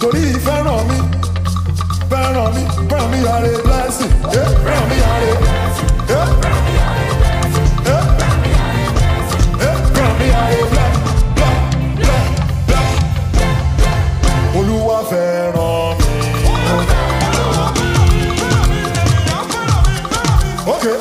torí ìfẹ́ràn mi fẹ́ràn mi fẹ́ràn mi yàrá blessing eh, fẹ́ràn mi yàrá eh, eh, fẹ́ràn mi yàrá blessing. Olúwa fẹ́ràn mi. Okay.